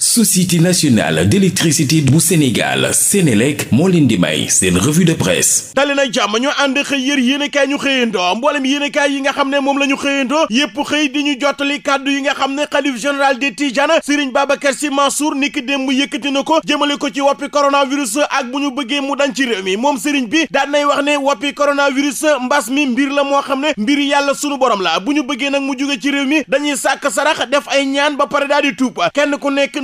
société nationale d'électricité bu Sénégal Sénélec moo leen di may seen revue de presse dali na jàmm ñu ànd xëy yër yéenekaay ñu xëyandoo mboolem kaay yi nga xam ne moom la ñu xëyandoo yépp xëy di ñu jottali kàddu yi nga xam ne xalif général des Tidianes Serigne Babacar Sy Mansour niki démb yëkkati na ko jëmale ko ci woppi coronavirus ak bu ñu bëggee mu dañ ci réew mi moom Serigne bi daan nay wax ne woppi coronavirus mbas mi mbir la moo xam ne mbir yàlla sunu borom la bu ñu bëggee nag mu jóge ci réew mi dañuy sàkk sarax def ay ñaan ba pare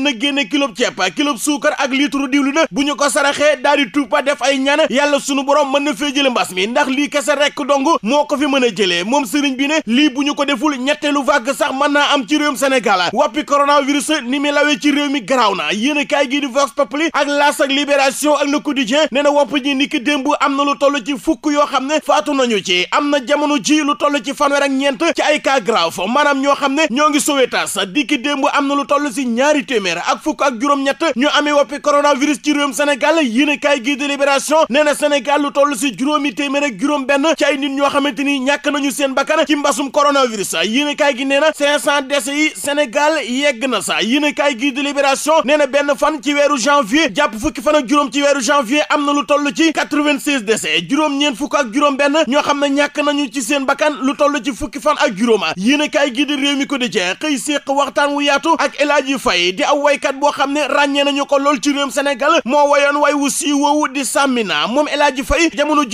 na génne kilo ceeb kilo suukar ak litre diwlin bu ñu ko saraxee daal di def ay ñaan yàlla sunu borom mën na fee jële mbas mi ndax lii kese rek dong moo ko fi mën a jëlee moom sëriñ bi ne lii bu ñu ko deful ñetteelu vague sax mën naa am ci réewum Sénégal wàppi coronavirus réew mi garaaw na yéen a kaay gii di Vox Populi ak L'As ak Libération ak Le Quotidien na wopp ñi ni ki démb am na lu toll ci fukk yoo xam ne faatu nañu ci am na jamono ci lu toll ci fanweer ak ñeent ci ay cas grave maanaam ñoo xam ne ñoo ngi Sowétas dikki démb am na lu toll si ñaari téeméer fanweer ak fukk ak juróom-ñett ñu amee woppi coronavirus ci réewum Sénégal yéenekaay gi de Libération nee na Sénégal lu toll si juróomi téeméer ak juróom-benn ci ay nit ñoo xamante ni ñàkk nañu seen bakkan ci mbasum coronavirus yéenekaay gi nee na 500 décès yi Sénégal yegg na sa yéenekaay gi de Libération nee na benn fan ci weeru janvier jàpp fukki fan ak juróom ci weeru janvier am na lu toll ci 96 décès juróom-ñeent fukk ak juróom-benn ñoo xam ne ñàkk nañu ci seen bakkan lu toll ci fukki fan ak juróoma yéenekaay gi de Rewmi ko di jeex xëy séq waxtaan wu yaatu ak El Hadji Faye di ab waykat boo xam ne ràññee nañu ko lool ci réewum Sénégal moo wayoon way wu sii woowu di sàmmina moom El Hadji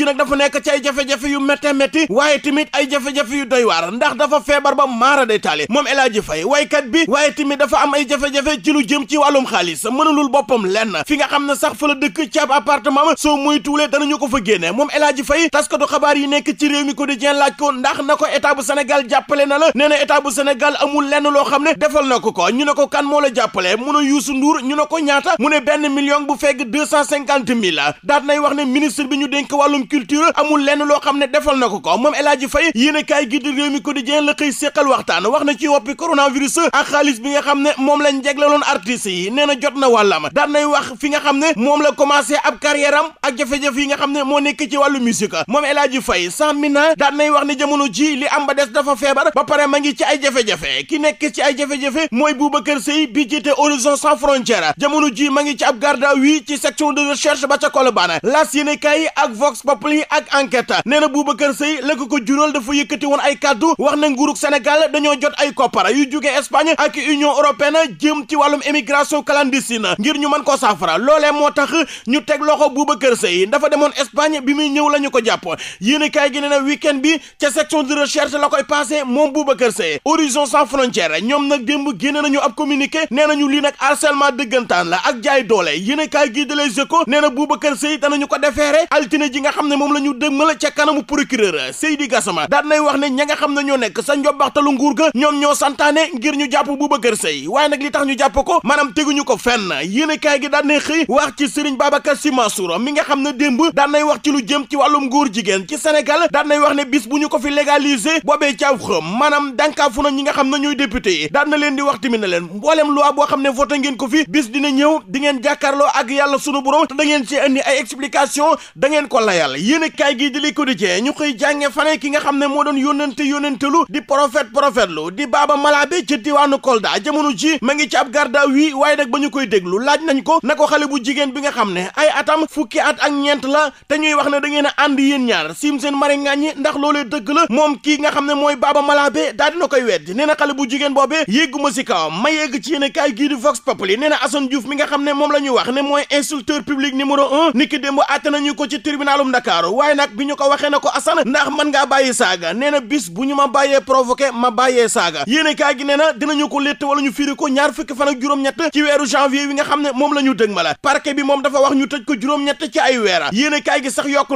nag dafa nekk ci ay jafe-jafe yu métte métti waaye tamit ay jafe-jafe yu doy waar ndax dafa feebar ba maara day taali moom El Hadji Faye waykat bi waaye tamit dafa am ay jafe-jafe ci lu jëm ci wàllum xaalis mënalul boppam lenn fi nga xam ne sax fa la dëkk ci ab appartement soo muy ko fa génne moom El Hadji Faye taskatu nekk ci réew mi quotidien laaj ko ndax na ko état bu jàppale na la nee na état bu Sénégal amul lenn loo xam ne defal na ko ko ñu ne ko kan moo la jàppale boobee mu ne Youssou Ndour ñu ne ko ñaata mu ne benn million bu fekk deux cent cinquante mille daat nay wax ne ministre bi ñu dénk wàllum culture amul lenn loo xam ne defal na ko ko moom El Hadji Faye yéen a kaay gi di réew mi quotidien la xëy séqal waxtaan wax na ci woppi coronavirus ak xaalis bi nga xam ne moom lañ jegleloon artistes yi nee na jot na wàllam daat nay wax fi nga xam ne moom la commencé ab carrière am ak jafe-jafe yi nga xam ne moo nekk ci wàllu musique moom El Hadji Faye cent mille daat nay wax ne jamono ji li am ba des dafa feebar ba pare ma ngi ci ay jafe ki nekk ci ay jafe-jafe mooy Boubacar Seye bi jiite Horizon sans frontières jamono jii ma ngi ci ab garde à vue ci section de recherche ba ca Colobane laas yéene kaay ak Vox Populi ak enquête nee na Boubacar Seye la ko ko jural dafa yëkkati woon ay kàddu wax na nguurug senegal dañoo jot ay koppara yu jóge Espagne ak Union européenne jëm ci wàllum émigration clandestine ngir ñu mën ko saafara loolee moo tax ñu teg loxo Boubacar Seye dafa demoon Espagne bi muy ñëw la ñu ko jàpp yéene kaay gi nee na week-end bi ca section de recherche la koy passé moom Boubacar Seye Horizon sans frontières ñoom nag démb génne nañu ab communiqué nee nañu lii nag harcèlement dëggantaan la ak jaay doole yéenekaay gi de Les Échos nee na Boubacar Sèye danañu ko defeere altine ji nga xam ne moom la ñu dëgmal ca kanamu procureur Seydi Gassama daan nay wax ne ña nga xam ne ñoo nekk sa njobbaxtalu nguur ga ñoom ñoo santaane ngir ñu jàpp Boubacar Sèye waaye nag li tax ñu jàpp ko maanaam teguñu ko fenn yéenekaay gi daan nay xëy wax ci Serigne Babacar Sy Mansour mi nga xam ne démb daan nay wax ci lu jëm ci wàllum nguur jigéen ci Sénégal daan nay wax ne bis bu ñu ko fi légaliser boobee caaw xëm maanaam dànkaafu na ñi nga xam ne ñooy député daan na leen di wax tamit na leen mboolem loi boo xam ne voté ngeen ko fi bis dina ñëw di ngeen jàkkaarloo ak yàlla sunu borom te da ngeen ci indi ay explication dangeen ko layal yéen a kaay gii di li ko di cee ñu koy jànge fane ki nga xam ne moo doon yónnante yónnantelu di prophète prophète lu di baaba malaabe ci diwaanu Kolda jamono ji ma ngi ci ab garda wii waaye nag ba ñu koy déglu laaj nañ ko na ko xale bu jigéen bi nga xam ne ay atam fukki at ak ñeent la te ñuy wax ne da ngeen a ànd yéen ñaar sim seen mari ngaañi ndax loolee dëgg la moom kii nga ne mooy baaba malaabe daa dina koy weddi nee na xale bu jigéen boobee yégguma si ma yegg ci yéen a di Vox Populi nee na Assane Diouf mi nga xam ne moom la ñuy wax ne mooy insulteur public numéro un niki démb àtte nañu ko ci tribunalum Dakar waaye nag bi ñu ko waxee ne ko Assane ndax mën ngaa saaga nee bis bu ñu ma bàyyee provoqué ma bàyyee saaga yéene kaay gi nee ko létt wala ñu ko ñaar fukki fan juróom-ñett ci weeru janvier wi nga xam ne moom la ñu ma la parquet bi moom dafa wax ñu tëj ko juróom-ñett ci ay weera yéene kaay sax yokk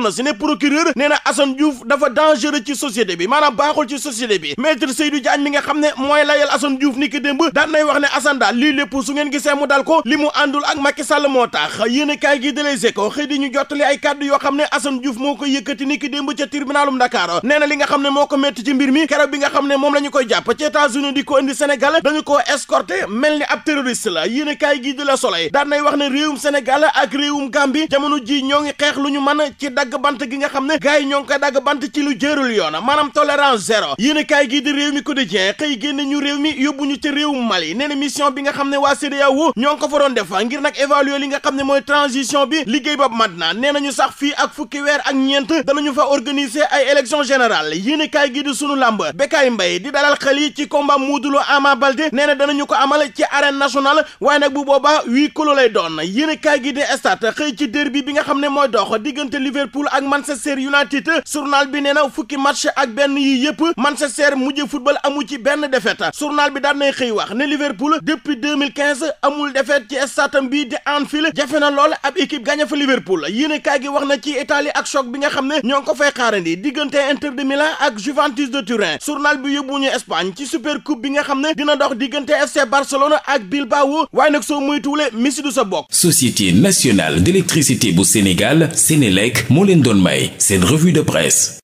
na lépp su ngeen gisee mu dal ko li mu àndul ak Macky Sall moo tax yéenekaay gi de Les Échos xëy di ñu jottali ay kàddu yoo xam ne Assane Diouf moo ko yëkkati ni ki démb ca tribunalum Dakar nee na li nga xam ne moo ko métti ci mbir mi keroog bi nga xam ne moom la ñu koy jàpp ci États-Unis di ko indi Sénégal dañu koo escorter mel ni ab terroriste la yéenekaay gii de Le Soleil daan wax ne réewum Sénégal ak réewum Gambie jamono ji ñoo ngi xeex lu ñu mën ci dagg bant gi nga xam ne gars yi ñoo ngi koy dagg bant ci lu jërul yoon maanaam tolérance zéro yéenekaay gi di réew mi quotidien xëy génne ñu réew mi yóbbu ñu ca réewum Mali nee mission bi nga xam ne ne waa CEDEAO ñoo doon def ngir nag évaluer li nga xam ne mooy transition bi liggéey boobu mat na nee nañu sax fii ak fukki weer ak ñeent danañu fa organiser ay élection générale yéene kaay gi di sunu làmb Bécaye Mbaye di dalal xel yi ci combat Modou Lo Ama Baldé nee na danañu ko amal ci arène nationale waaye nag bu boobaa huis clos lay doon yéene kaay gi di stade xëy ci derby bi nga xam ne mooy dox diggante Liverpool ak Manchester United journal bi nee na fukki match ak benn yi yëpp Manchester mujj football amu ci benn défaite journal bi daan nay wax ne Liverpool 2015 amul défaite ci statam bii di Anfield jafe na lool ab équipe gagné fa Liverpool yéene kaay gi wax na ci Italie ak choc bi nga xam ne ñoo ngi ko fay xaarandi diggante Inter de Milan ak Juventus de Turin journal bi yóbbu ñu Espagne ci super coupe bi nga xam ne dina dox diggante FC Barcelone ak Bilbao waaye nag soo moytuwulee Messi du sa bokk. Société nationale d'électricité bu Sénégal Sénélec moo leen doon may seen revue de presse.